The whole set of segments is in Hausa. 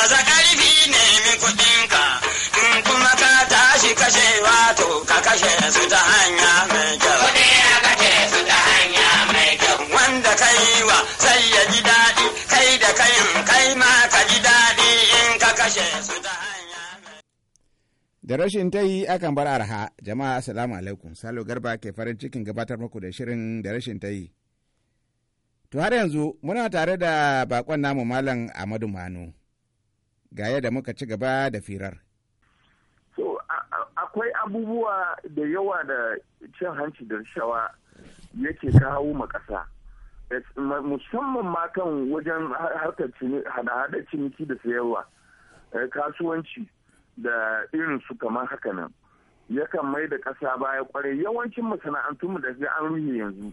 baza ƙarfi ne min kuɗinka in kuma ka tashi kashe wato ka kashe su ta hanya mai kyau. Kuɗi ya kashe su ta hanya mai kyau. Wanda ka yi wa sai ya ji daɗi kai da kayan kai ma ka ji daɗi in ka kashe su ta hanya Da rashin ta yi akan bar arha jama'a assalamu alaikum Salo Garba ke farin cikin gabatar muku da shirin da rashin ta yi. To har yanzu muna tare da bakon namu Malam Amadu Manu. ga yadda muka ci gaba da firar. So, akwai abubuwa da yawa da cin hanci da rashawa yake kawo ma ƙasa. Musamman ma kan wajen harkar hada-hada ciniki da sayarwa, eh, kasuwanci da irin su kamar haka nan. Yakan mai da ƙasa baya kwarai yawancin masana'antunmu da sai an ruhe yanzu.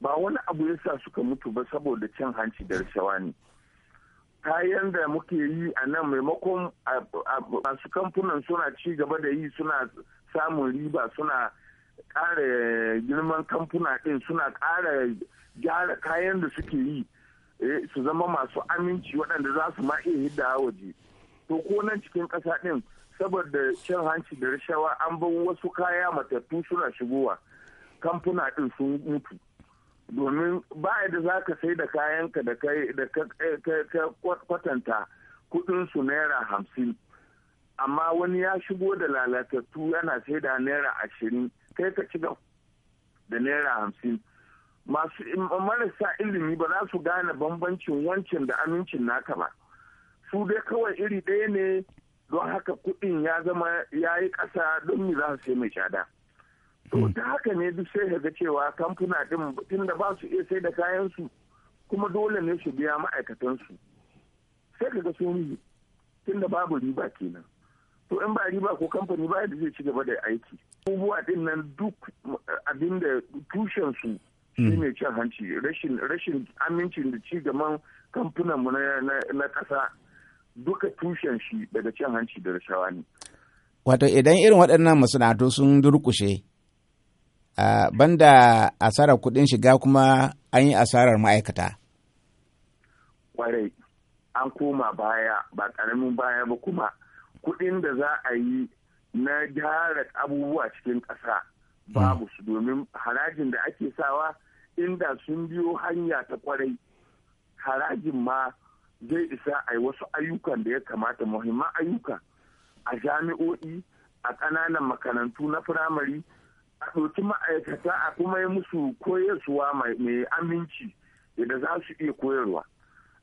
Ba wani abu yasa suka mutu ba saboda cin hanci da rashawa ne. kayan da muke yi a nan maimakon masu kamfunan suna ci gaba da yi suna samun riba suna ƙara girman kamfuna ɗin suna ƙara gyara kayan da suke yi eh, su zama masu aminci waɗanda za su ma iya hidda waje to ko nan cikin ƙasa ɗin saboda cin hanci da rashawa an bar wasu kaya matattu suna shigowa kamfuna ɗin sun mutu domin ba da za ka sai da kayanka da ka kwatanta kudinsu naira hamsin amma wani ya shigo da lalatattu yana sai da naira ashirin kai ka ci da naira hamsin masu marasa ilimi ba za su gane bambancin wancan da amincin naka ba su dai kawai iri ɗaya ne don haka kudin ya zama ya yi ƙasa don mi za su sai mai tsada. to mm. ta haka ne duk sai ga cewa kamfuna din da ba su iya sai da kayan su kuma dole ne su biya ma'aikatan su sai ka ga sun yi tunda babu riba kenan to in ba riba ko kamfani ba da zai ci gaba da aiki abubuwa din nan duk eh, abin da tushen su mm. shi ne cin hanci rashin rashin amincin da ci gaban kamfunan mu na kasa duka tushen shi daga cin hanci da rashawa ne wato idan irin waɗannan masana'antu sun durkushe banda asarar kuɗin shiga kuma an yi asarar ma'aikata. Kwarai, an koma baya ba ƙaramin baya ba kuma kuɗin da za a yi na gyara abubuwa cikin ƙasa babu su domin harajin da ake sawa inda sun biyo hanya ta kwarai harajin ma zai isa a wasu ayyukan da ya kamata muhimman ayyuka a jami'o'i a ƙananan makarantu na firamare a ɗauki ma'aikata a kuma yi musu koyarwa mai aminci da za su iya koyarwa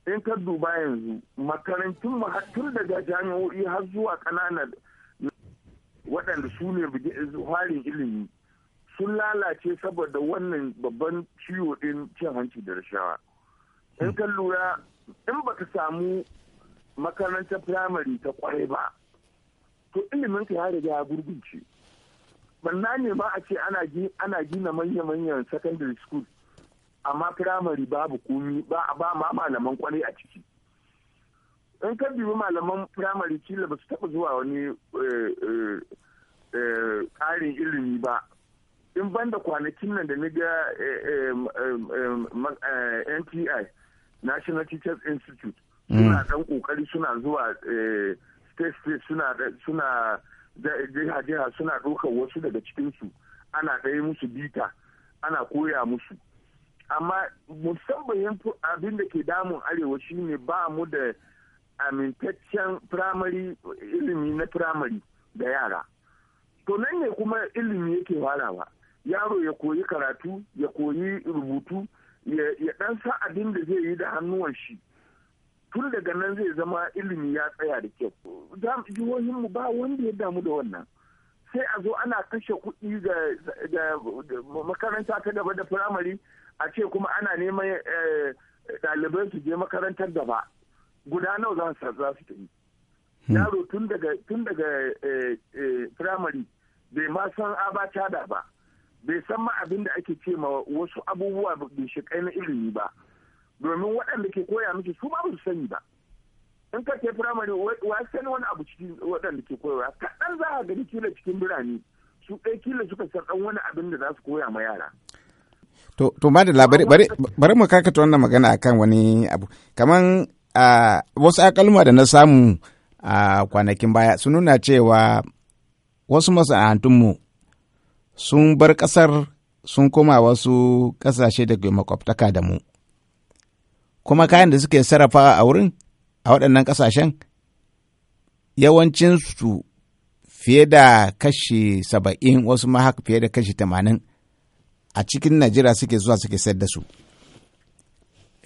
in ka duba yanzu makarantun tun daga jami'o'i har zuwa ƙananan waɗanda su ne harin ilimi sun lalace saboda wannan babban ciwo ɗin cin hanci da rashawa in ka lura in ba ka samu makarantar firamare ta kwarai ba to ilimin ka ya riga ya gurgunce banna ne ma a ce ana gina manya-manyan secondary school amma firamare babu komi ba ma malaman kwarai a ciki in ka dubi malaman firamare kila ba su taba zuwa wani eh, eh, eh, ƙarin ilimi ba in banda kwanakin nan da na ga nti national teachers institute suna dan mm. kokari suna zuwa state state suna jiha-jiha suna ɗaukar wasu daga cikinsu ana ɗaya musu bita ana koya musu amma musamman abin da ke damun arewa shine ba mu da amintaccen firamari ilimi na firamare da yara to nan ne kuma ilimi yake farawa yaro ya koyi karatu ya koyi rubutu ya ɗan sa abin da zai yi da hannuwan shi tun daga nan zai zama ilimi ya tsaya da kyau mu ba wanda ya damu da wannan sai a zo ana kashe kuɗi ga makaranta ta gaba da firamare a ce kuma ana neman eh, ɗalibai su je makarantar gaba guda nawa za su za su tafi hmm. yaro tun daga tun daga eh, eh, firamare bai ma san abata da ba bai san ma abin da ake ce ma wasu abubuwa ginshiƙai na ilimi ba domin waɗanda ke koya miki su ba su sani ba in ka ke firamare wa sani wani abu cikin waɗanda ke koyawa kaɗan za a gani kila cikin birane su ɗaya kila suka san ɗan wani abin da za su koya ma yara. To, to ma da labari, bari mu ta wannan magana akan wani abu. Kaman wasu akalma da na samu a kwanakin baya sun nuna cewa wasu masana'antunmu sun bar ƙasar sun koma wasu ƙasashe da ke makwabtaka da mu. kuma kayan da suke sarrafa a wurin a waɗannan ƙasashen yawancinsu fiye da kashi saba'in wasu ma haka fiye da kashi tamanin a cikin najeriya suke zuwa suke sayar da su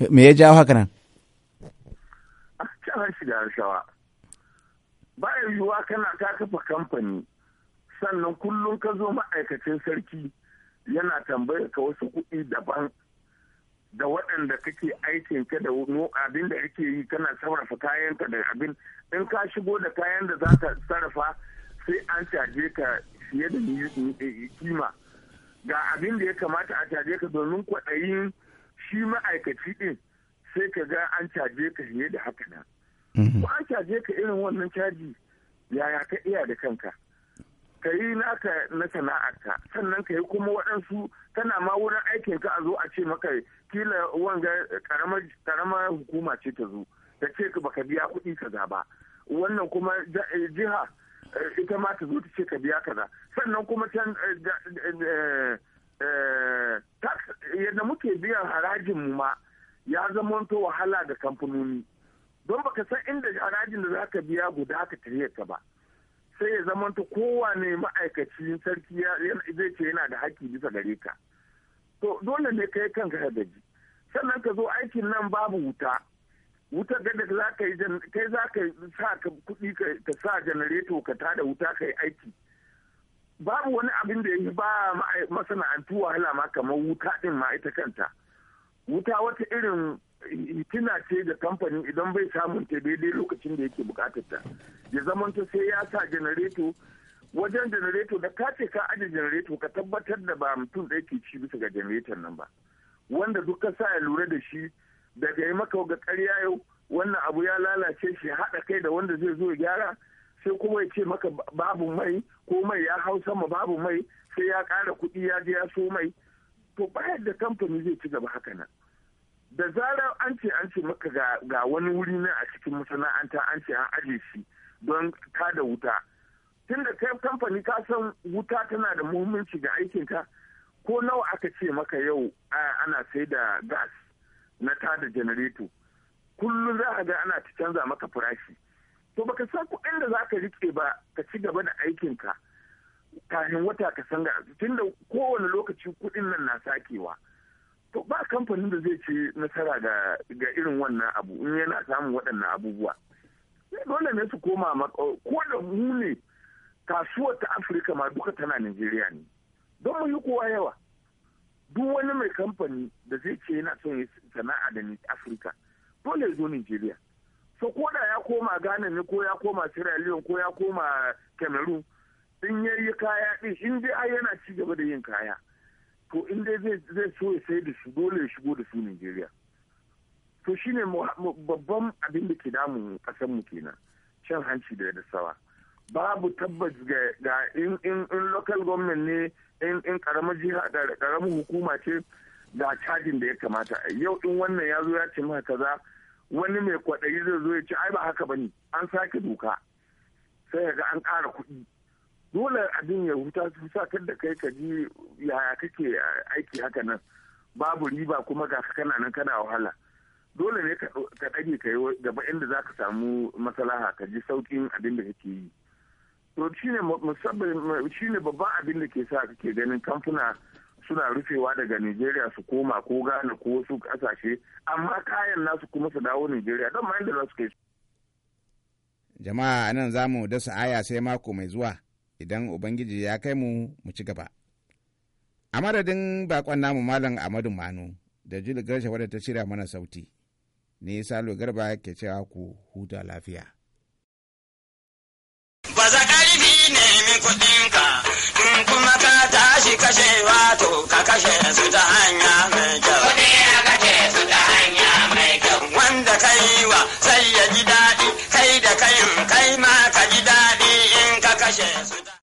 me ya jawo haka nan cin shiga rashawa bayan yiwuwa kana ta kafa kamfani sannan kullum ka zo ma'aikacin sarki yana tambaya ka wasu kuɗi daban da waɗanda kake aikin ka da abin da ake yi kana sarrafa kayan ka da abin in ka shigo da kayan da za ka sarrafa sai an caje ka fiye da kima ga abin da ya kamata a caje ka domin kwaɗayin shi ma'aikaci ɗin sai ka ga an caje ka fiye da haka na. Mhm. Ko an caje ka irin wannan caji yaya ka iya da kanka. ka yi naka na sana'arka sannan ka yi kuma waɗansu tana ma wurin aikin ka a zo a ce maka kila wanga karamar hukuma ce ta zo ta ce ka baka biya kuɗi kaza ba wannan kuma eh, jiha eh, ita ma ta zo ta ce ka biya kaza sannan kuma can eh, yadda muke biyan harajin mu ma ya zamanto wahala da kamfanoni don baka san inda harajin da za ka biya guda ka tare ka ba sai ya zamanta kowane ma'aikaci sarki zai ce yana da haƙƙi bisa gare ka to dole ne kai kanka ka gaji sannan ka zo aikin nan babu wuta wutar gada za ka yi kai za ka sa ka kuɗi ka sa janareto ka tada wuta ka yi aiki babu wani abin da ya yi ba masana'antu wahala ma kamar wuta ɗin ma ita kanta wuta wata irin fitina ce da kamfanin idan bai samun ta daidai lokacin da yake bukatar ta ya zamanta sai ya sa janareto wajen janareto da ka ce ka ajiye janareto ka tabbatar da ba mutum da ke ci bisa ga janareton nan ba wanda duk ka sa ya lura da shi daga yi maka ga karya yau wannan abu ya lalace shi haɗa kai da wanda zai zo ya gyara sai kuma ya ce maka babu mai ko mai ya hau sama babu mai sai ya kara kuɗi ya je ya so mai to bayar da kamfani zai ci gaba haka nan da zarar an ce an ce maka ga wani wuri na a cikin masana'anta an ce an aje shi don ta da wuta tunda kai kamfani ka san wuta tana da muhimmanci ga aikinka ko nawa aka ce maka yau ana sai da gas na ta da janareto kullum za a ga ana ta canza maka farashi to baka san kuɗin da za ka rike ba ka ci gaba da aikinka kafin wata ka san ga tunda kowane lokaci kuɗin nan na sakewa to ba kamfanin da zai ci nasara ga irin wannan abu in yana samun waɗannan abubuwa dole ne su koma ko da mu ne kasuwar ta afirka ma duka tana nigeria ne don mu yi kowa yawa duk wani mai kamfani da zai ce yana son ya sana'a da afirka dole ya zo nigeria so ko da ya koma ghana ne ko ya koma sierra leone ko ya koma cameroon in ya yi kaya din in dai yana ci gaba da yin kaya to in dai zai so ya sai da su dole ya shigo da su Najeriya. To shine babban abin da ke damun ƙasar mu kenan shan hanci da dasawa. Babu tabbas ga in local government ne in karamar jiha karamar hukuma ce da cajin da ya kamata yau in wannan ya zo ya ce maka kaza wani mai kwaɗayi zai zo ya ce ai ba haka bane an sake doka sai ga an ƙara kuɗi dole abin ya huta su sakar da kai ka ji yaya kake aiki haka nan babu riba kuma ga kana nan kana wahala dole ne ka ɗage ka gaba inda za ka samu masalaha ka ji saukin abin da kake yi to shi ne babban abin da ke sa kake ganin kamfuna suna rufewa daga Nigeria su koma ko Ghana ko wasu kasashe amma kayan nasu kuma su dawo Nigeria don ma inda za su kai jama'a anan zamu dasa aya sai mako mai zuwa idan Ubangiji ya kai mu mu ci gaba. A madadin bakon namu Malam Amadu Manu da Juli wadda ta shirya mana sauti, ni Salo Garba ke cewa ku huta lafiya. Baza ƙarfi nemi kuɗinka, kuma ka tashi kashe wato ka kashe su ta hanya mai